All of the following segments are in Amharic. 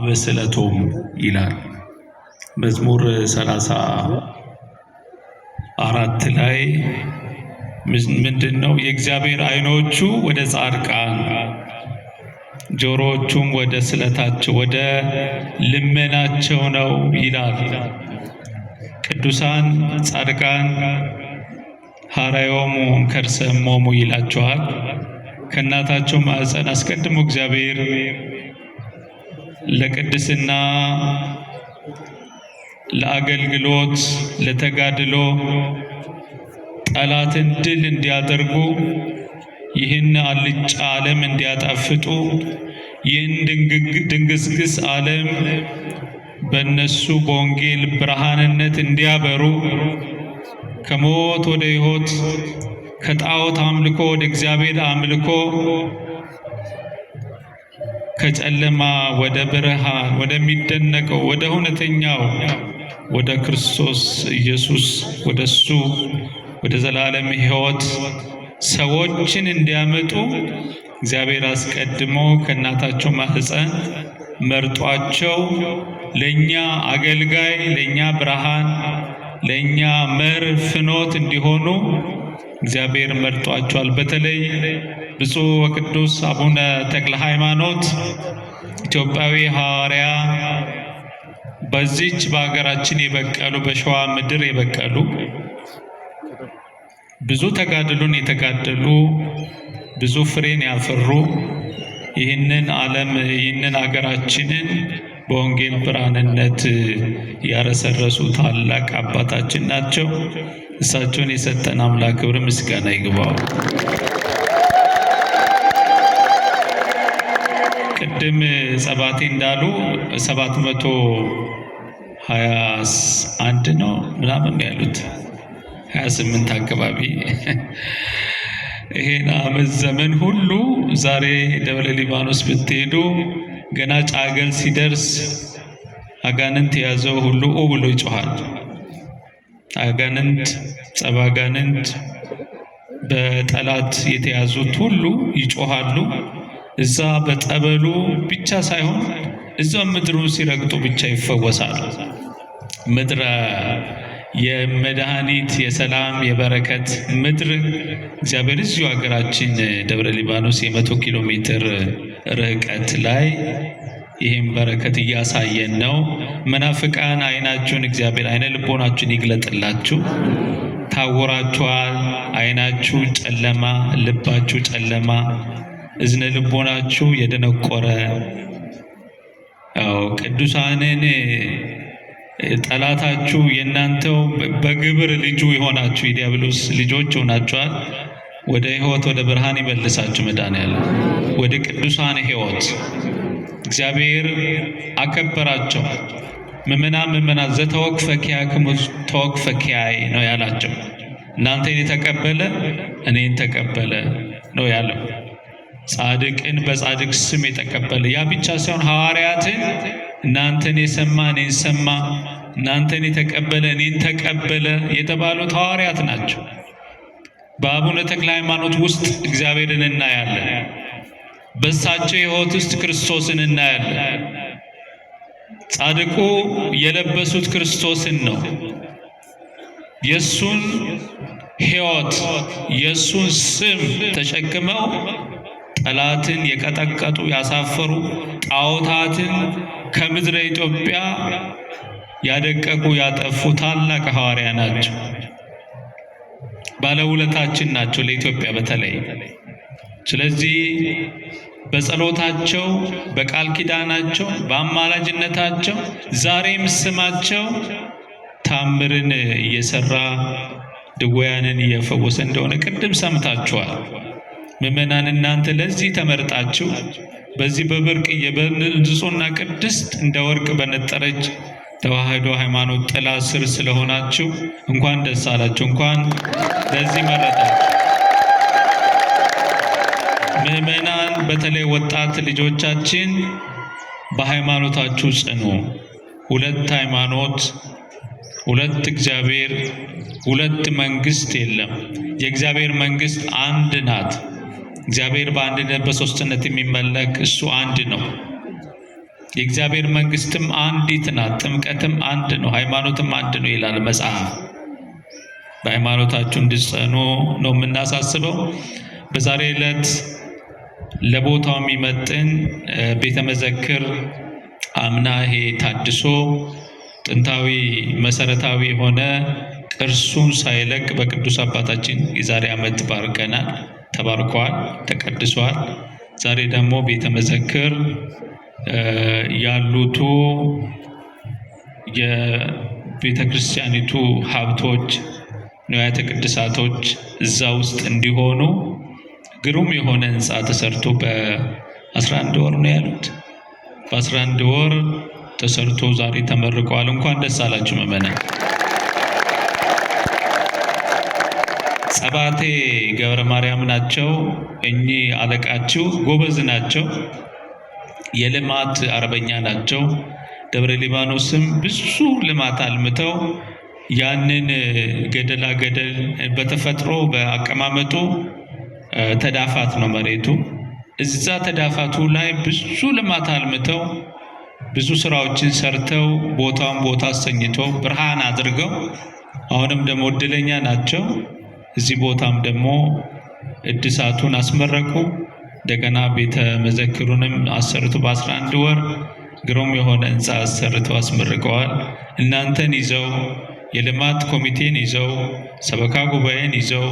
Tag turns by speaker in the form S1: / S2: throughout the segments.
S1: አበስለቶም ይላል መዝሙር ሰላሳ አራት ላይ ምንድን ነው? የእግዚአብሔር አይኖቹ ወደ ጻድቃን ጆሮዎቹም ወደ ስለታቸው ወደ ልመናቸው ነው ይላል። ቅዱሳን ጻድቃን ሐራዮሙ ከርሰ እሞሙ ይላቸዋል። ከእናታቸው ማዕፀን አስቀድሞ እግዚአብሔር ለቅድስና ለአገልግሎት ለተጋድሎ ጠላትን ድል እንዲያደርጉ ይህን አልጫ ዓለም እንዲያጣፍጡ ይህን ድንግስግስ ዓለም በእነሱ በወንጌል ብርሃንነት እንዲያበሩ ከሞት ወደ ሕይወት ከጣዖት አምልኮ ወደ እግዚአብሔር አምልኮ ከጨለማ ወደ ብርሃን ወደሚደነቀው ወደ እውነተኛው ወደ ክርስቶስ ኢየሱስ ወደ እሱ ወደ ዘላለም ሕይወት ሰዎችን እንዲያመጡ እግዚአብሔር አስቀድሞ ከእናታቸው ማህፀን መርጧቸው ለእኛ አገልጋይ፣ ለእኛ ብርሃን፣ ለእኛ መር ፍኖት እንዲሆኑ እግዚአብሔር መርጧቸዋል። በተለይ ብፁዕ ወቅዱስ አቡነ ተክለ ሃይማኖት ኢትዮጵያዊ ሐዋርያ በዚች በሀገራችን የበቀሉ በሸዋ ምድር የበቀሉ ብዙ ተጋድሎን የተጋደሉ ብዙ ፍሬን ያፈሩ ይህንን ዓለም ይህንን ሀገራችንን በወንጌል ብርሃንነት ያረሰረሱ ታላቅ አባታችን ናቸው። እሳቸውን የሰጠን አምላክ ክብር ምስጋና ይግባው። ቅድም ጸባቴ እንዳሉ ሰባት መቶ ሀያ አንድ ነው ምናምን ያሉት ሀያ ስምንት አካባቢ ይሄን አመት ዘመን ሁሉ ዛሬ ደብረ ሊባኖስ ብትሄዱ ገና ጫገል ሲደርስ አጋንንት የያዘው ሁሉ ኦ ብሎ ይጮሃል። አጋንንት ጸባ አጋንንት በጠላት የተያዙት ሁሉ ይጮሃሉ። እዛ በጠበሉ ብቻ ሳይሆን እዛ ምድሩ ሲረግጡ ብቻ ይፈወሳል። ምድረ የመድኃኒት የሰላም የበረከት ምድር እግዚአብሔር እዚሁ ሀገራችን ደብረ ሊባኖስ የመቶ ኪሎ ሜትር ርቀት ላይ ይህም በረከት እያሳየን ነው። መናፍቃን አይናችሁን እግዚአብሔር አይነ ልቦናችሁን ይግለጥላችሁ። ታውራችኋል። አይናችሁ ጨለማ፣ ልባችሁ ጨለማ እዝነ ልቦናችሁ የደነቆረ ያው ቅዱሳንን ጠላታችሁ የእናንተው በግብር ልጁ የሆናችሁ የዲያብሎስ ልጆች ሆናችኋል። ወደ ሕይወት ወደ ብርሃን ይመልሳችሁ ያለ ወደ ቅዱሳን ሕይወት እግዚአብሔር አከበራቸው። ምመና ምመና ዘተወክፈ ኪያክሙ ተወክፈ ኪያይ ነው ያላቸው። እናንተን የተቀበለ እኔን ተቀበለ ነው ያለው። ጻድቅን በጻድቅ ስም የተቀበለ ያ ብቻ ሳይሆን ሐዋርያትን እናንተን የሰማ እኔን ሰማ፣ እናንተን የተቀበለ እኔን ተቀበለ የተባሉት ሐዋርያት ናቸው። በአቡነ ተክለ ሃይማኖት ውስጥ እግዚአብሔርን እናያለን። በእሳቸው ህይወት ውስጥ ክርስቶስን እናያለን። ጻድቁ የለበሱት ክርስቶስን ነው። የእሱን ሕይወት የእሱን ስም ተሸክመው ጠላትን የቀጠቀጡ ያሳፈሩ ጣዖታትን ከምድረ ኢትዮጵያ ያደቀቁ ያጠፉ ታላቅ ሐዋርያ ናቸው። ባለውለታችን ናቸው ለኢትዮጵያ በተለይ። ስለዚህ በጸሎታቸው፣ በቃል ኪዳናቸው፣ በአማላጅነታቸው ዛሬም ስማቸው ታምርን እየሰራ ድውያንን እየፈወሰ እንደሆነ ቅድም ሰምታችኋል። ምእመናን እናንተ ለዚህ ተመርጣችሁ በዚህ በብርቅዬ በንጹሕና ቅድስት እንደ ወርቅ በነጠረች ተዋህዶ ሃይማኖት ጥላ ስር ስለሆናችሁ እንኳን ደስ አላችሁ፣ እንኳን ለዚህ መረጣችሁ። ምእመናን በተለይ ወጣት ልጆቻችን በሃይማኖታችሁ ጽኑ። ሁለት ሃይማኖት፣ ሁለት እግዚአብሔር፣ ሁለት መንግስት የለም። የእግዚአብሔር መንግስት አንድ ናት። እግዚአብሔር በአንድነት በሶስትነት የሚመለክ እሱ አንድ ነው። የእግዚአብሔር መንግስትም አንዲት ናት፣ ጥምቀትም አንድ ነው፣ ሃይማኖትም አንድ ነው ይላል መጽሐፍ። በሃይማኖታችሁ እንድጸኑ ነው የምናሳስበው። በዛሬ ዕለት ለቦታው የሚመጥን ቤተ መዘክር አምና ይሄ ታድሶ ጥንታዊ መሰረታዊ የሆነ ቅርሱን ሳይለቅ በቅዱስ አባታችን የዛሬ ዓመት ባርከናል። ተባርኳል፣ ተቀድሷል። ዛሬ ደግሞ ቤተ መዘክር ያሉቱ የቤተ ክርስቲያኒቱ ሀብቶች ንዋያተ ቅድሳቶች እዛ ውስጥ እንዲሆኑ ግሩም የሆነ ህንፃ ተሰርቶ በ11 ወር ነው ያሉት። በ11 ወር ተሰርቶ ዛሬ ተመርቀዋል። እንኳን ደስ አላችሁ ምዕመናን። ጸባቴ ገብረ ማርያም ናቸው። እኚህ አለቃችሁ ጎበዝ ናቸው። የልማት አርበኛ ናቸው። ደብረ ሊባኖስም ብዙ ልማት አልምተው ያንን ገደላ ገደል በተፈጥሮ በአቀማመጡ ተዳፋት ነው መሬቱ። እዛ ተዳፋቱ ላይ ብዙ ልማት አልምተው ብዙ ስራዎችን ሰርተው ቦታውን ቦታ አሰኝተው ብርሃን አድርገው አሁንም ደግሞ እድለኛ ናቸው። እዚህ ቦታም ደግሞ እድሳቱን አስመረቁ። እንደገና ቤተ መዘክሩንም አሰርቱ በ11 ወር ግሩም የሆነ ህንፃ አሰርተው አስመርቀዋል። እናንተን ይዘው የልማት ኮሚቴን ይዘው ሰበካ ጉባኤን ይዘው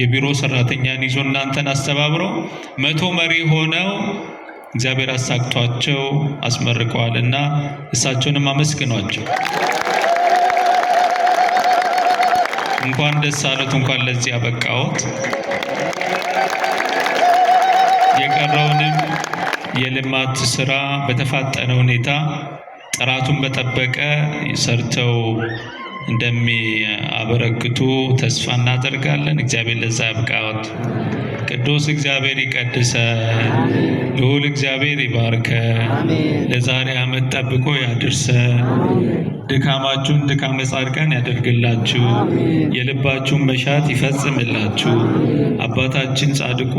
S1: የቢሮ ሰራተኛን ይዞ እናንተን አስተባብረው መቶ መሪ ሆነው እግዚአብሔር አሳክቷቸው እና እሳቸውንም አመስግኗቸው። እንኳን ደስ አሉት፣ እንኳን ለዚህ ያበቃዎት። የቀረውንም የልማት ስራ በተፋጠነ ሁኔታ ጥራቱን በጠበቀ ሰርተው እንደሚያበረክቱ ተስፋ እናደርጋለን። እግዚአብሔር ለዛ ያብቃዎት። ቅዱስ እግዚአብሔር ይቀድሰ፣ ልዑል እግዚአብሔር ይባርከ፣ ለዛሬ ዓመት ጠብቆ ያድርሰ። ድካማችሁን ድካመ ጻድቃን ያደርግላችሁ፣ የልባችሁን መሻት ይፈጽምላችሁ። አባታችን ጻድቁ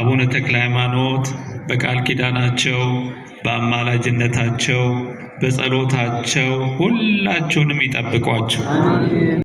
S1: አቡነ ተክለ ሃይማኖት በቃል ኪዳናቸው በአማላጅነታቸው በጸሎታቸው ሁላችሁንም ይጠብቋችሁ።